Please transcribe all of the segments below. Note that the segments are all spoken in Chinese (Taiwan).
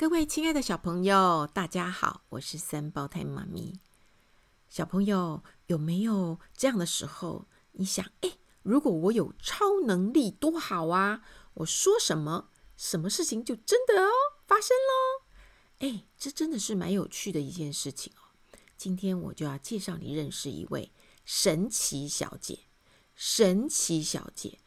各位親愛的小朋友，大家好，我是三胞胎媽咪。小朋友有沒有這樣的時候？你想誒，如果我有超能力多好啊！我說什麼，什麼事情就真的哦發生嘍。哎，這真的是蠻有趣的一件事情哦。今天我就要介紹你認識一位神奇小姐。神奇小姐，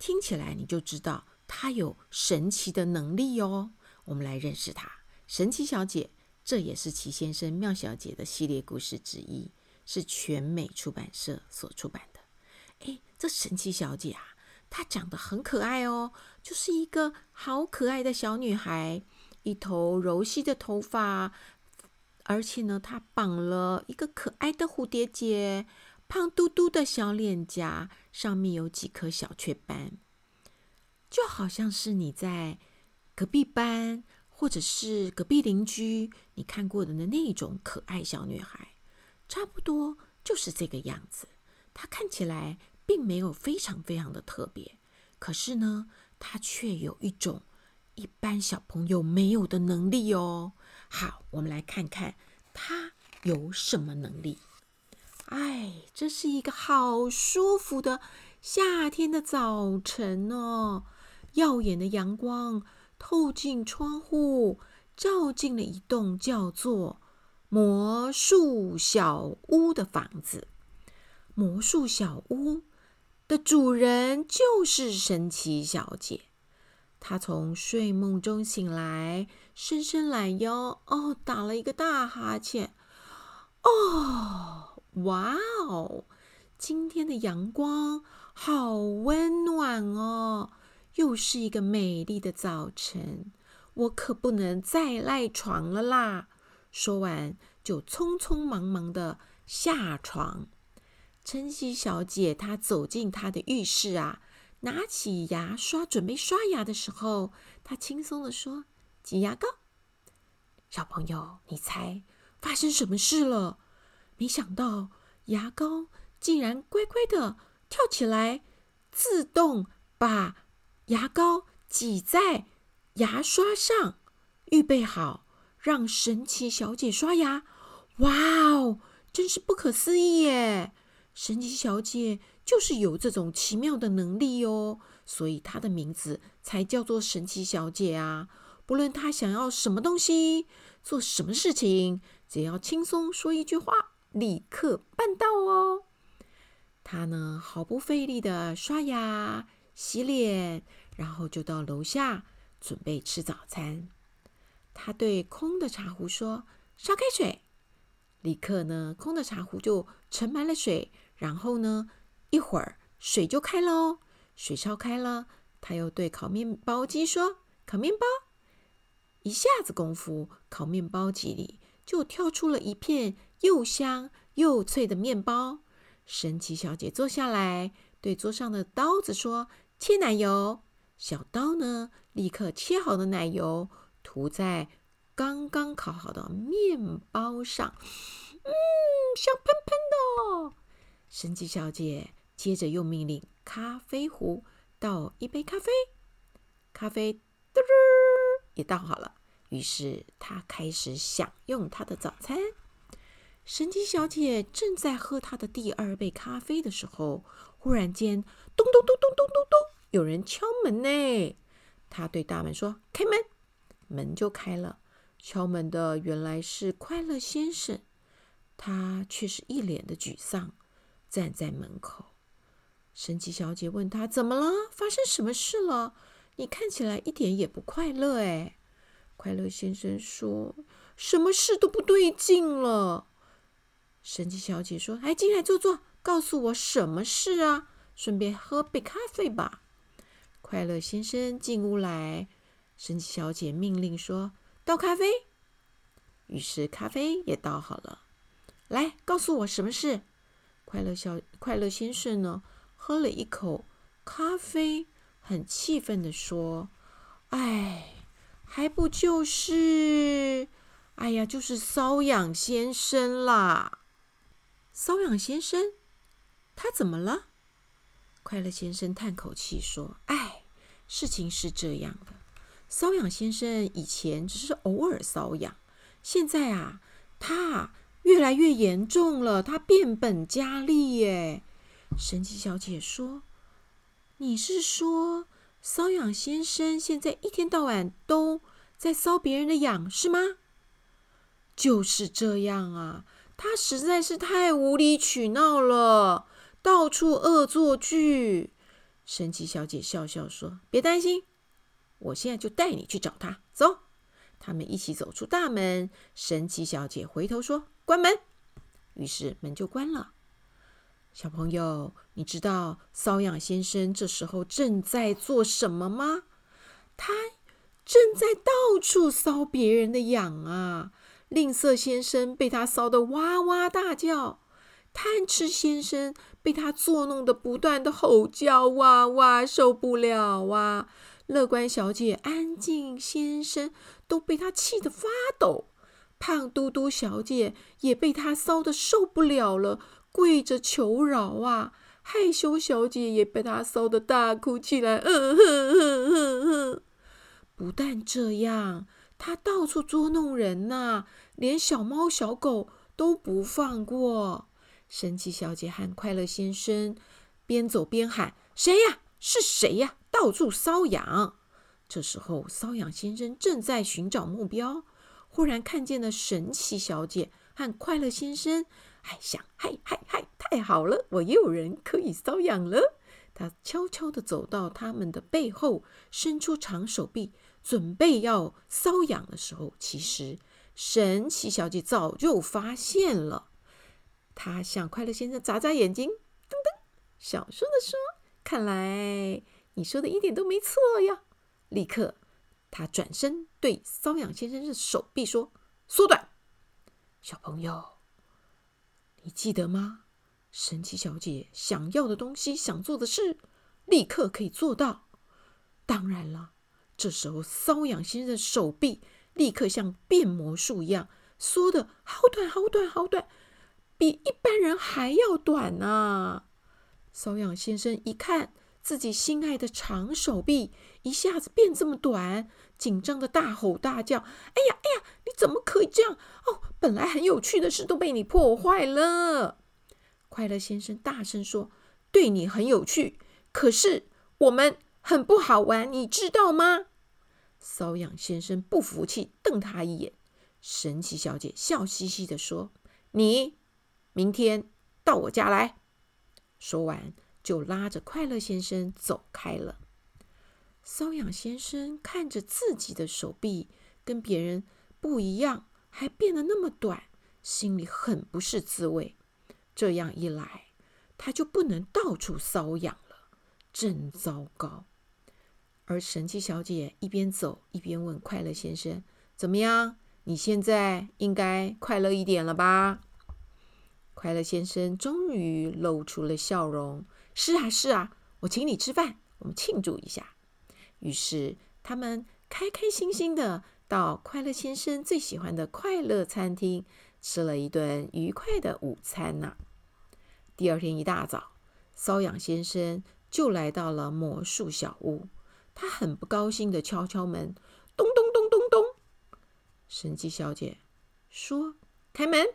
聽起來你就知道她有神奇的能力哦。我們來認識她，神奇小姐，這也是奇先生妙小姐的系列故事之一，是全美出版社所出版的。哎，這神奇小姐啊，她長得很可愛哦，就是一個好可愛的小女孩，一頭柔細的頭髮，而且呢，她綁了一個可愛的蝴蝶結，胖嘟嘟的小臉頰，上面有幾顆小雀斑，就好像是你在。隔壁班，或者是隔壁鄰居，你看過的那一種可愛小女孩，差不多就是這個樣子。她看起來並沒有非常非常的特別，可是呢，她卻有一種一般小朋友沒有的能力哦。好，我們來看看她有什麼能力。哎，這是一個好舒服的夏天的早晨哦，耀眼的陽光。透進窗戶，照進了一棟叫做“魔術小屋”的房子。魔術小屋的主人就是神奇小姐。她從睡夢中醒來，伸伸懶腰，哦，打了一個大哈欠。哦，哇哦！今天的陽光好溫暖哦。又是一個美麗的早晨，我可不能再賴床了啦！說完，就匆匆忙忙的下床。神奇小姐，她走進她的浴室啊，拿起牙刷準備刷牙的時候，她輕鬆的說：“擠牙膏。”小朋友，你猜發生什麼事了？沒想到牙膏竟然乖乖的跳起來，自動把。牙膏擠在牙刷上，預備好，讓神奇小姐刷牙。哇哦，真是不可思議耶！神奇小姐就是有這種奇妙的能力哦，所以她的名字才叫做神奇小姐啊。不論她想要什麼東西，做什麼事情，只要輕鬆說一句話，立刻辦到哦。她呢，毫不費力地刷牙、洗臉。然後就到樓下準備吃早餐。她對空的茶壺說：“燒開水。”立刻呢，空的茶壺就盛滿了水。然後呢，一會兒水就開了哦。水燒開了，她又對烤麵包機說：“烤麵包。”一下子功夫，烤麵包機裡就跳出了一片又香又脆的麵包。神奇小姐坐下來，對桌上的刀子說：“切奶油。”小刀呢，立刻切好的奶油塗在剛剛烤好的麵包上，嗯，香噴噴的哦。神奇小姐接着又命令咖啡壺倒一杯咖啡，咖啡嘟嘟也倒好了。於是她開始享用她的早餐。神奇小姐正在喝她的第二杯咖啡的時候，忽然間，咚咚咚咚咚咚咚，咚，咚。有人敲門呢，他對大門說：“開門。”門就開了。敲門的原來是快樂先生，他卻是一臉的沮喪，站在門口。神奇小姐問他：“怎麼了？發生什麼事了？你看起來一點也不快樂哎。”快樂先生說：“什麼事都不對勁了。”神奇小姐說：“哎，進來坐坐，告訴我什麼事啊？順便喝杯咖啡吧。”快樂先生進屋來，神奇小姐命令說：“倒咖啡。”於是咖啡也倒好了。來，告訴我什麼事？快樂小快樂先生呢？喝了一口咖啡，很氣憤地說：“哎，還不就是……哎呀，就是瘙癢先生啦！瘙癢先生，他怎麼了？”快樂先生嘆口氣說：“哎。”事情是這樣的，搔癢先生以前只是偶爾瘙癢，現在啊，他越來越嚴重了，他變本加厲耶。神奇小姐說：“你是說搔癢先生現在一天到晚都在搔別人的癢，是嗎？”就是這樣啊，他實在是太無理取鬧了，到處惡作劇。神奇小姐笑笑說：“別擔心，我現在就帶你去找他。”走，他們一起走出大門。神奇小姐回頭說：“關門。”於是門就關了。小朋友，你知道搔癢先生這時候正在做什麼嗎？他正在到處搔別人的癢啊！吝嗇先生被他搔得哇哇大叫。貪吃先生被他捉弄得不斷地吼叫、啊，哇哇受不了啊！樂觀小姐、安靜先生都被他氣得發抖，胖嘟嘟小姐也被他騷得受不了了，跪着求饒啊！害羞小姐也被他騷得大哭起來，嗯哼哼哼哼！不但這樣，他到處捉弄人吶、啊，連小貓小狗都不放過。神奇小姐和快樂先生邊走邊喊：“誰呀？是誰呀？”到處搔癢。這時候，搔癢先生正在尋找目標，忽然看見了神奇小姐和快樂先生，還想：“嗨嗨嗨嗨！太好了，我也有人可以搔癢了。”他悄悄地走到他們的背後，伸出長手臂，準備要搔癢的時候，其實神奇小姐早就發現了。他向快樂先生眨眨眼睛，噔噔，小聲的說：“看來你說的一點都沒錯呀！”立刻，他轉身對瘙癢先生的手臂說：“縮短，小朋友，你記得嗎？神奇小姐想要的東西，想做的事，立刻可以做到。當然了，這時候瘙癢先生的手臂立刻像變魔術一樣，縮的好短，好短，好短，好短。”比一般人還要短呢！瘙癢先生一看自己心愛的長手臂一下子變這麼短，緊張的大吼大叫：“哎呀哎呀，你怎麼可以這樣？哦，本來很有趣的事都被你破壞了！”快樂先生大聲說：“對你很有趣，可是我們很不好玩，你知道嗎？”瘙癢先生不服氣，瞪他一眼。神奇小姐笑嘻嘻地說：“你。”明天到我家來。說完，就拉着快樂先生走開了。瘙癢先生看着自己的手臂跟別人不一樣，還變得那麼短，心裡很不是滋味。這樣一來，他就不能到處瘙癢了，真糟糕。而神奇小姐一邊走一邊問快樂先生：“怎麼樣？你現在應該快樂一點了吧？”快樂先生終於露出了笑容。是啊，是啊，我請你吃飯，我們慶祝一下。於是，他們開開心心的到快樂先生最喜歡的快樂餐廳，吃了一頓愉快的午餐呢、啊。第二天一大早，瘙癢先生就來到了魔術小屋。他很不高興地敲敲門，咚咚咚咚咚咚。神奇小姐說：“開門。”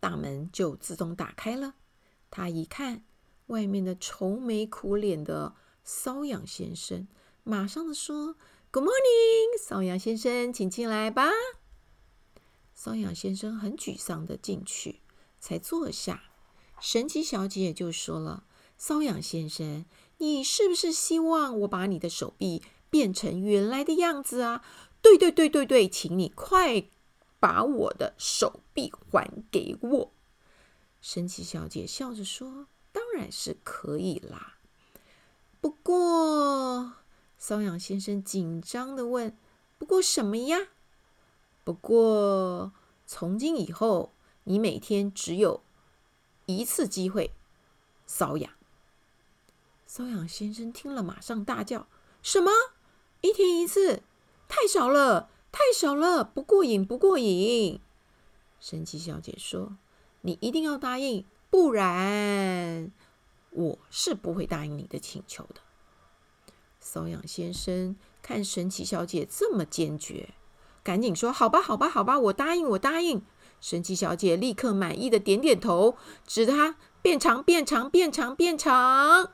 大門就自動打開了。她一看外面的愁眉苦臉的瘙癢先生，馬上說：“Good morning，瘙癢先生，請進來吧。”瘙癢先生很沮喪的進去，才坐下。神奇小姐就說了：“瘙癢先生，你是不是希望我把你的手臂變成原來的樣子啊？”“對對對對對，請你快。”把我的手臂還給我，神奇小姐笑着說：“當然是可以啦。”不過，瘙癢先生緊張的問：“不過什麼呀？”“不過，從今以後，你每天只有一次機會瘙癢。”瘙癢先生聽了，馬上大叫：“什麼？一天一次？太少了！”太少了，不過癮，不過癮。神奇小姐說：“你一定要答應，不然我是不會答應你的請求的。”瘙癢先生看神奇小姐這麼堅決，趕緊說：“好吧，好吧，好吧，我答應，我答應。”神奇小姐立刻滿意地點點頭，指着他變長，變長，變長，變長。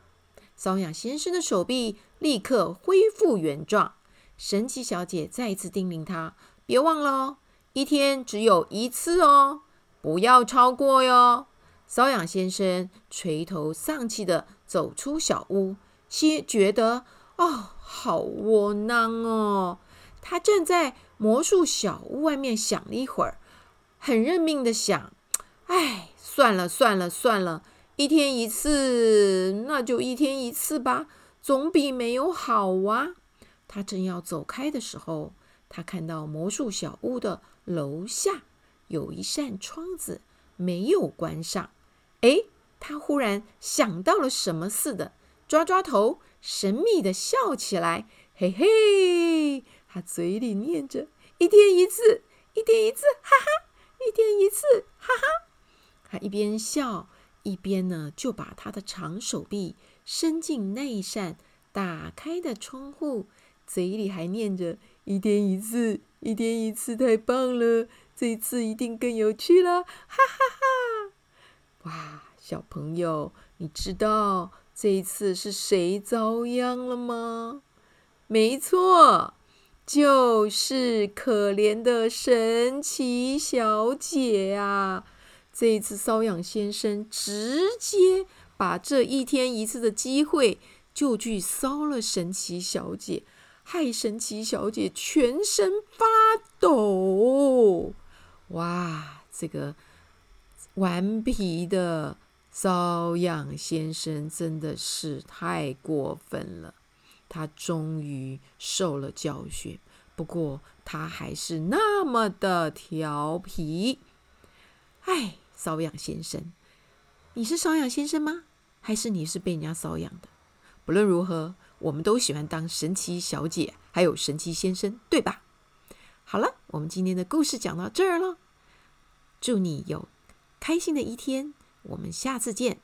瘙癢先生的手臂立刻恢復原狀。神奇小姐再一次叮嚀他：“別忘了哦，一天只有一次哦，不要超過喲。”瘙癢先生垂頭喪氣地走出小屋，先覺得：“哦，好窩囊哦。”他站在魔術小屋外面想了一會兒，很認命地想：“哎，算了算了算了，一天一次，那就一天一次吧，總比沒有好啊。”他正要走開的時候，他看到魔術小屋的樓下有一扇窗子沒有關上。誒，他忽然想到了什麼似的，抓抓頭，神秘地笑起來，嘿嘿。他嘴裡念着：“一天一次，一天一次，哈哈，一天一次，哈哈。”他一邊笑，一邊呢，就把他的長手臂伸進那一扇打開的窗戶。嘴裡還念着“一天一次，一天一次，太棒了！這一次一定更有趣啦！”哈哈哈哈！哇，小朋友，你知道這一次是誰遭殃了嗎？沒錯，就是可憐的神奇小姐啊！這一次搔癢先生直接把這一天一次的機會就去搔了神奇小姐。害神奇小姐全身發抖！哇，這個頑皮的搔癢先生真的是太過分了。他終於受了教訓，不過他還是那麼的調皮。哎，瘙癢先生，你是搔癢先生嗎？還是你是被人家搔癢的？不論如何。我們都喜歡當神奇小姐，還有神奇先生，對吧？好了，我們今天的故事講到這兒了。祝你有開心的一天，我們下次見。